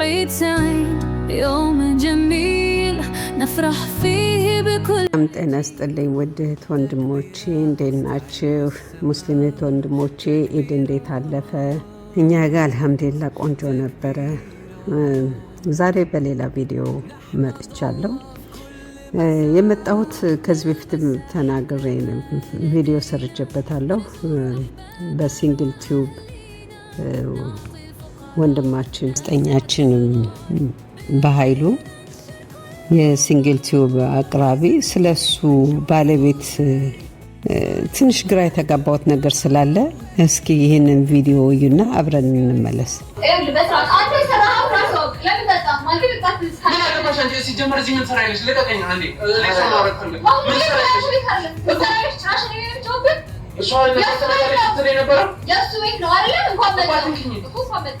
عيد سعيد يوم جميل نفرح فيه بكل ም ጤና ስጥልኝ ውድ ወንድሞቼ እንዴት ናችሁ? ሙስሊም ወንድሞቼ ኢድ እንዴት አለፈ? እኛ ጋር አልሐምዱሊላ ቆንጆ ነበረ። ዛሬ በሌላ ቪዲዮ መጥቻለሁ። የመጣሁት ከዚህ በፊት ተናግሬ ቪዲዮ ሰርቼበታለሁ በሲንግል ቲዩብ ወንድማችን ስጠኛችን በኃይሉ የሲንግል ቲዩብ አቅራቢ ስለሱ ባለቤት ትንሽ ግራ የተጋባሁት ነገር ስላለ እስኪ ይህንን ቪዲዮ እዩና አብረን እንመለስ። እሱ ቤት ነው አይደለም? እንኳን መጣ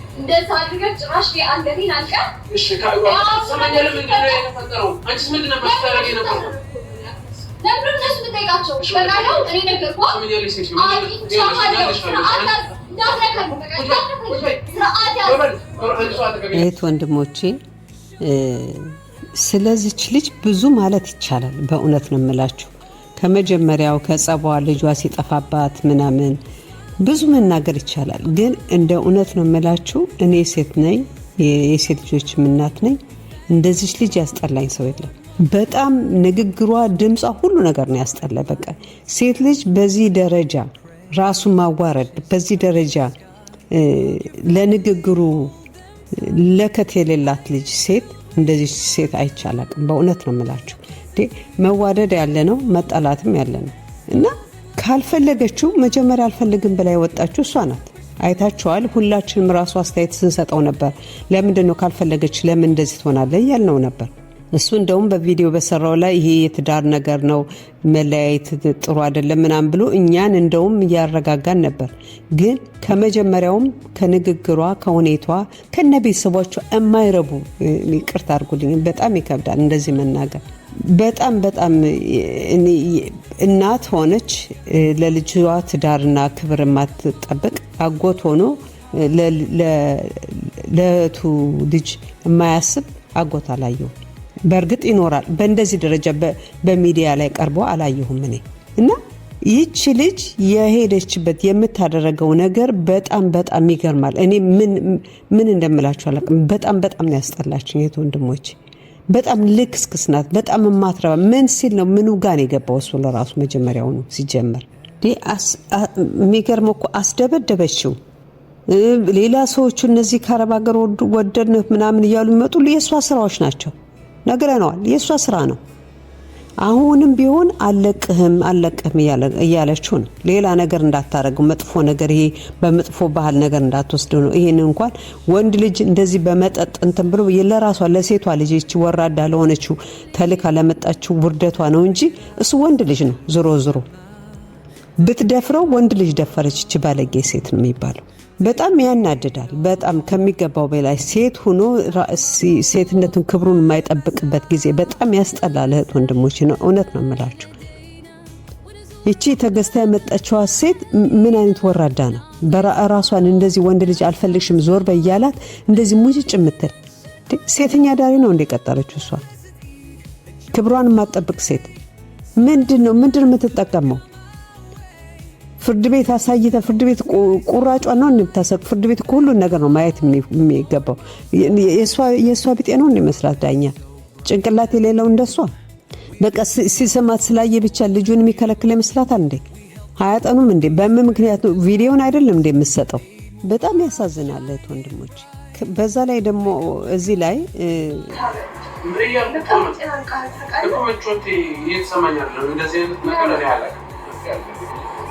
እንደዛ እህት ወንድሞቼ ስለዚች ልጅ ብዙ ማለት ይቻላል። በእውነት ነው የምላችሁ ከመጀመሪያው ከጸቧ ልጇ ሲጠፋባት ምናምን ብዙ መናገር ይቻላል፣ ግን እንደ እውነት ነው የምላችሁ። እኔ ሴት ነኝ፣ የሴት ልጆች እናት ነኝ። እንደዚች ልጅ ያስጠላኝ ሰው የለም። በጣም ንግግሯ፣ ድምጿ፣ ሁሉ ነገር ነው ያስጠላ። በቃ ሴት ልጅ በዚህ ደረጃ ራሱን ማዋረድ፣ በዚህ ደረጃ ለንግግሩ ለከት የሌላት ልጅ ሴት እንደዚህ ሴት አይቻላቅም። በእውነት ነው የምላችሁ። መዋደድ ያለ ነው፣ መጠላትም ያለ ነው እና ካልፈለገችው መጀመሪያ አልፈልግም ብላ የወጣችው እሷ ናት። አይታችኋል። ሁላችንም ራሱ አስተያየት ስንሰጠው ነበር። ለምንድን ነው ካልፈለገች ለምን እንደዚህ ትሆናለ እያልነው ነበር። እሱ እንደውም በቪዲዮ በሰራው ላይ ይሄ የትዳር ነገር ነው፣ መለያየት ጥሩ አይደለም ምናምን ብሎ እኛን እንደውም እያረጋጋን ነበር። ግን ከመጀመሪያውም ከንግግሯ፣ ከሁኔቷ፣ ከነ ቤተሰቦቿ የማይረቡ ይቅርታ አድርጉልኝ፣ በጣም ይከብዳል እንደዚህ መናገር በጣም በጣም እናት ሆነች ለልጅዋ ትዳርና ክብር የማትጠብቅ አጎት ሆኖ ለእህቱ ልጅ የማያስብ አጎት አላየሁም። በእርግጥ ይኖራል። በእንደዚህ ደረጃ በሚዲያ ላይ ቀርቦ አላየሁም እኔ እና ይቺ ልጅ የሄደችበት የምታደረገው ነገር በጣም በጣም ይገርማል። እኔ ምን እንደምላችሁ አላውቅም። በጣም በጣም ነው ያስጠላችኝ የት ወንድሞች በጣም ልክስክስ ናት። በጣም የማትረባ ምን ሲል ነው ምኑ ጋን የገባው? እሱ ለራሱ መጀመሪያውኑ ሲጀመር የሚገርመው እኮ አስደበደበችው። ሌላ ሰዎቹ እነዚህ ከአረብ ሀገር ወደድንህ ምናምን እያሉ የሚመጡ የእሷ ስራዎች ናቸው። ነግረነዋል። የእሷ ስራ ነው። አሁንም ቢሆን አለቅህም አለቅህም እያለችው ነው። ሌላ ነገር እንዳታረገው መጥፎ ነገር ይሄ በመጥፎ ባህል ነገር እንዳትወስድ ነው። ይሄን እንኳን ወንድ ልጅ እንደዚህ በመጠጥ እንትን ብሎ ለራሷ ለሴቷ ልጅ ይቺ ወራዳ ለሆነችው ተልካ ለመጣችው ውርደቷ ነው እንጂ እሱ ወንድ ልጅ ነው። ዝሮ ዝሮ ብትደፍረው ወንድ ልጅ ደፈረች። ይቺ ባለጌ ሴት ነው የሚባለው። በጣም ያናድዳል። በጣም ከሚገባው በላይ ሴት ሆኖ ሴትነቱን ክብሩን የማይጠብቅበት ጊዜ በጣም ያስጠላል። እህት ወንድሞች ነው፣ እውነት ነው የምላችሁ። ይቺ ተገዝታ የመጣችዋ ሴት ምን አይነት ወራዳ ነው? በራሷን እንደዚህ ወንድ ልጅ አልፈልግሽም ዞር በያላት እንደዚህ ሙጭጭ የምትል ሴተኛ ዳሪ ነው እንደቀጠረችው እሷ ክብሯን የማትጠብቅ ሴት ምንድን ነው ምንድን የምትጠቀመው? ፍርድ ቤት አሳይተ ፍርድ ቤት ቁራጯ ነው የምታሰቅ ፍርድ ቤት ሁሉን ነገር ነው ማየት የሚገባው። የእሷ ቢጤ ነው ይመስላት ዳኛ ጭንቅላት የሌለው እንደሷ በቃ ሲሰማት ስላየ ብቻ ልጁን የሚከለክል ይመስላታል እንዴ? አያጠኑም እንዴ? በምን ምክንያት ነው ቪዲዮን አይደለም እንዴ የምሰጠው? በጣም ያሳዝናል ወንድሞች። በዛ ላይ ደግሞ እዚህ ላይ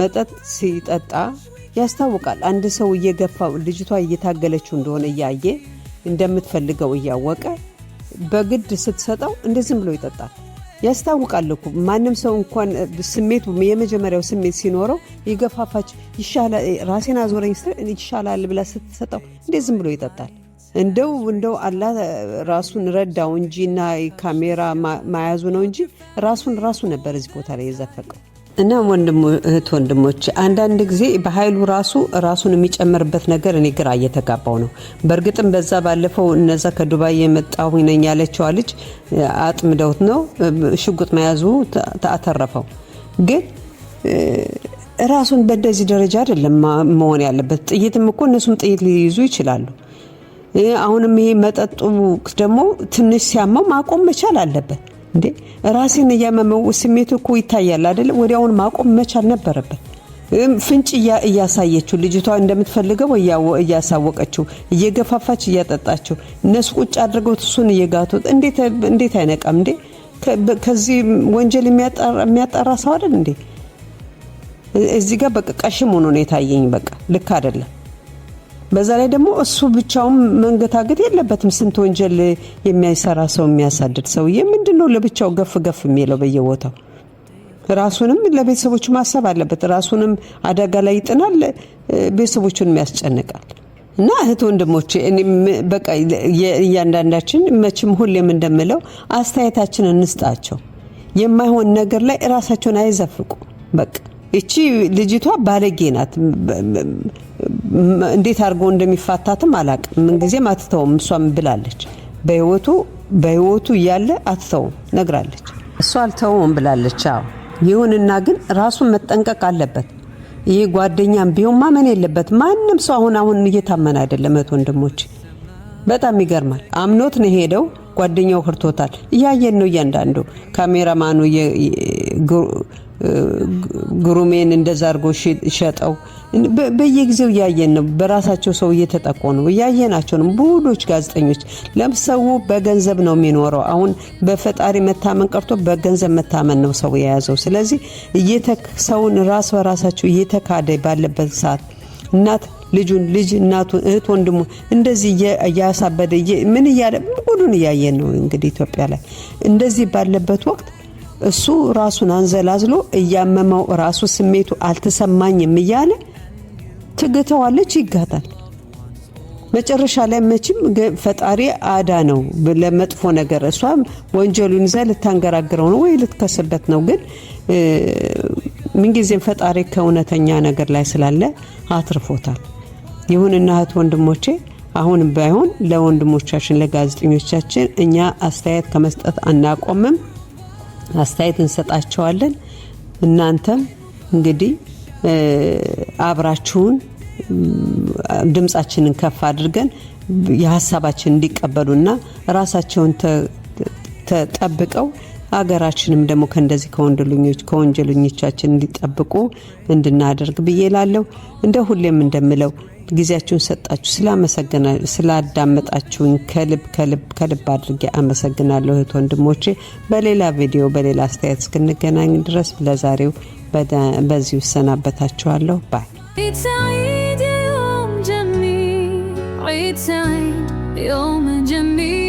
መጠጥ ሲጠጣ ያስታውቃል። አንድ ሰው እየገፋው ልጅቷ እየታገለችው እንደሆነ እያየ እንደምትፈልገው እያወቀ በግድ ስትሰጠው እንደ ብሎ ይጠጣል። ያስታውቃል እኮ ማንም ሰው እንኳን ስሜቱ የመጀመሪያው ስሜት ሲኖረው የገፋፋች ራሴን አዞረኝ ስትል ይሻላል ብላ ስትሰጠው እንደ ዝም ብሎ ይጠጣል። እንደው እንደው አላ ራሱን ረዳው እንጂ እና ካሜራ መያዙ ነው እንጂ ራሱን ራሱ ነበር እዚህ ቦታ ላይ የዘፈቀው። እና ወንድሞ እህት ወንድሞች አንዳንድ ጊዜ በኃይሉ ራሱ ራሱን የሚጨምርበት ነገር እኔ ግራ እየተጋባው ነው። በእርግጥም በዛ ባለፈው እነዛ ከዱባይ የመጣሁ ነኝ ያለችዋ ልጅ አጥምደውት ነው ሽጉጥ መያዙ ተአተረፈው። ግን ራሱን በደዚህ ደረጃ አይደለም መሆን ያለበት። ጥይትም እኮ እነሱም ጥይት ሊይዙ ይችላሉ። አሁንም ይሄ መጠጡ ደግሞ ትንሽ ሲያመው ማቆም መቻል አለበት። እንዴ ራሴን እያመመው ስሜቱ እኮ ይታያል አይደለም። ወዲያውን ማቆም መቻል ነበረበት። ፍንጭ እያሳየችው ልጅቷ እንደምትፈልገው እያሳወቀችው፣ እየገፋፋች፣ እያጠጣችው እነሱ ቁጭ አድርገው እሱን እየጋቱት እንዴት አይነቃም እንዴ? ከዚህ ወንጀል የሚያጠራ ሰው አይደል እንዴ? እዚህ ጋር በቃ ቀሽም ሆኖ ነው የታየኝ። በቃ ልክ አይደለም። በዛ ላይ ደግሞ እሱ ብቻውን መንገታገት የለበትም። ስንት ወንጀል የሚሰራ ሰው የሚያሳድድ ሰውዬ ምንድን ነው ለብቻው ገፍ ገፍ የሚለው በየቦታው? ራሱንም ለቤተሰቦቹ ማሰብ አለበት። ራሱንም አደጋ ላይ ይጥናል፣ ቤተሰቦቹንም ያስጨንቃል። እና እህት ወንድሞቼ በቃ እያንዳንዳችን መቼም ሁሌም እንደምለው አስተያየታችን እንስጣቸው። የማይሆን ነገር ላይ ራሳቸውን አይዘፍቁ። በቃ እቺ ልጅቷ ባለጌ ናት እንዴት አድርጎ እንደሚፋታትም አላቅም። ምንጊዜም አትተውም፣ እሷም ብላለች። በህይወቱ በህይወቱ እያለ አትተውም ነግራለች። እሷ አልተውም ብላለች። አዎ ይሁንና ግን ራሱን መጠንቀቅ አለበት። ይህ ጓደኛም ቢሆን ማመን የለበት ማንም ሰው አሁን አሁን እየታመን አይደለም። እህት ወንድሞች፣ በጣም ይገርማል። አምኖት ነው ሄደው ጓደኛው ክርቶታል። እያየን ነው እያንዳንዱ ካሜራማኑ ግሩሜን እንደዛ አድርጎ ሸጠው። በየጊዜው እያየን ነው። በራሳቸው ሰው እየተጠቆ ነው። እያየናቸው ነው። ብዙዎች ጋዜጠኞች ለምሰው በገንዘብ ነው የሚኖረው። አሁን በፈጣሪ መታመን ቀርቶ በገንዘብ መታመን ነው ሰው የያዘው። ስለዚህ ሰውን ራስ በራሳቸው እየተካደ ባለበት ሰዓት እናት ልጁን ልጅ እናቱን እህት ወንድሙ እንደዚህ እያሳበደ ምን እያለ ሁሉን እያየን ነው። እንግዲህ ኢትዮጵያ ላይ እንደዚህ ባለበት ወቅት እሱ ራሱን አንዘላዝሎ እያመመው ራሱ ስሜቱ አልተሰማኝም እያለ ትግተዋለች፣ ይጋታል። መጨረሻ ላይ መቼም ፈጣሪ አዳ ነው ለመጥፎ ነገር እሷ ወንጀሉን ይዛ ልታንገራግረው ነው ወይ ልትከስበት ነው። ግን ምንጊዜም ፈጣሪ ከእውነተኛ ነገር ላይ ስላለ አትርፎታል። ይሁንና እህት ወንድሞቼ አሁንም ባይሆን ለወንድሞቻችን ለጋዜጠኞቻችን እኛ አስተያየት ከመስጠት አናቆምም። አስተያየት እንሰጣቸዋለን። እናንተም እንግዲህ አብራችሁን ድምፃችንን ከፍ አድርገን የሀሳባችን እንዲቀበሉና ራሳቸውን ተጠብቀው አገራችንም ደግሞ ከእንደዚህ ከወንድልኞች ከወንጀለኞቻችን እንዲጠብቁ እንድናደርግ ብዬ ላለሁ። እንደ ሁሌም እንደምለው ጊዜያችሁን ሰጣችሁ ስላዳመጣችሁኝ ከልብ ከልብ ከልብ አድርጌ አመሰግናለሁ። እህት ወንድሞቼ፣ በሌላ ቪዲዮ በሌላ አስተያየት እስክንገናኝ ድረስ ለዛሬው በዚሁ እሰናበታችኋለሁ። ባይ عيد سعيد يوم جميل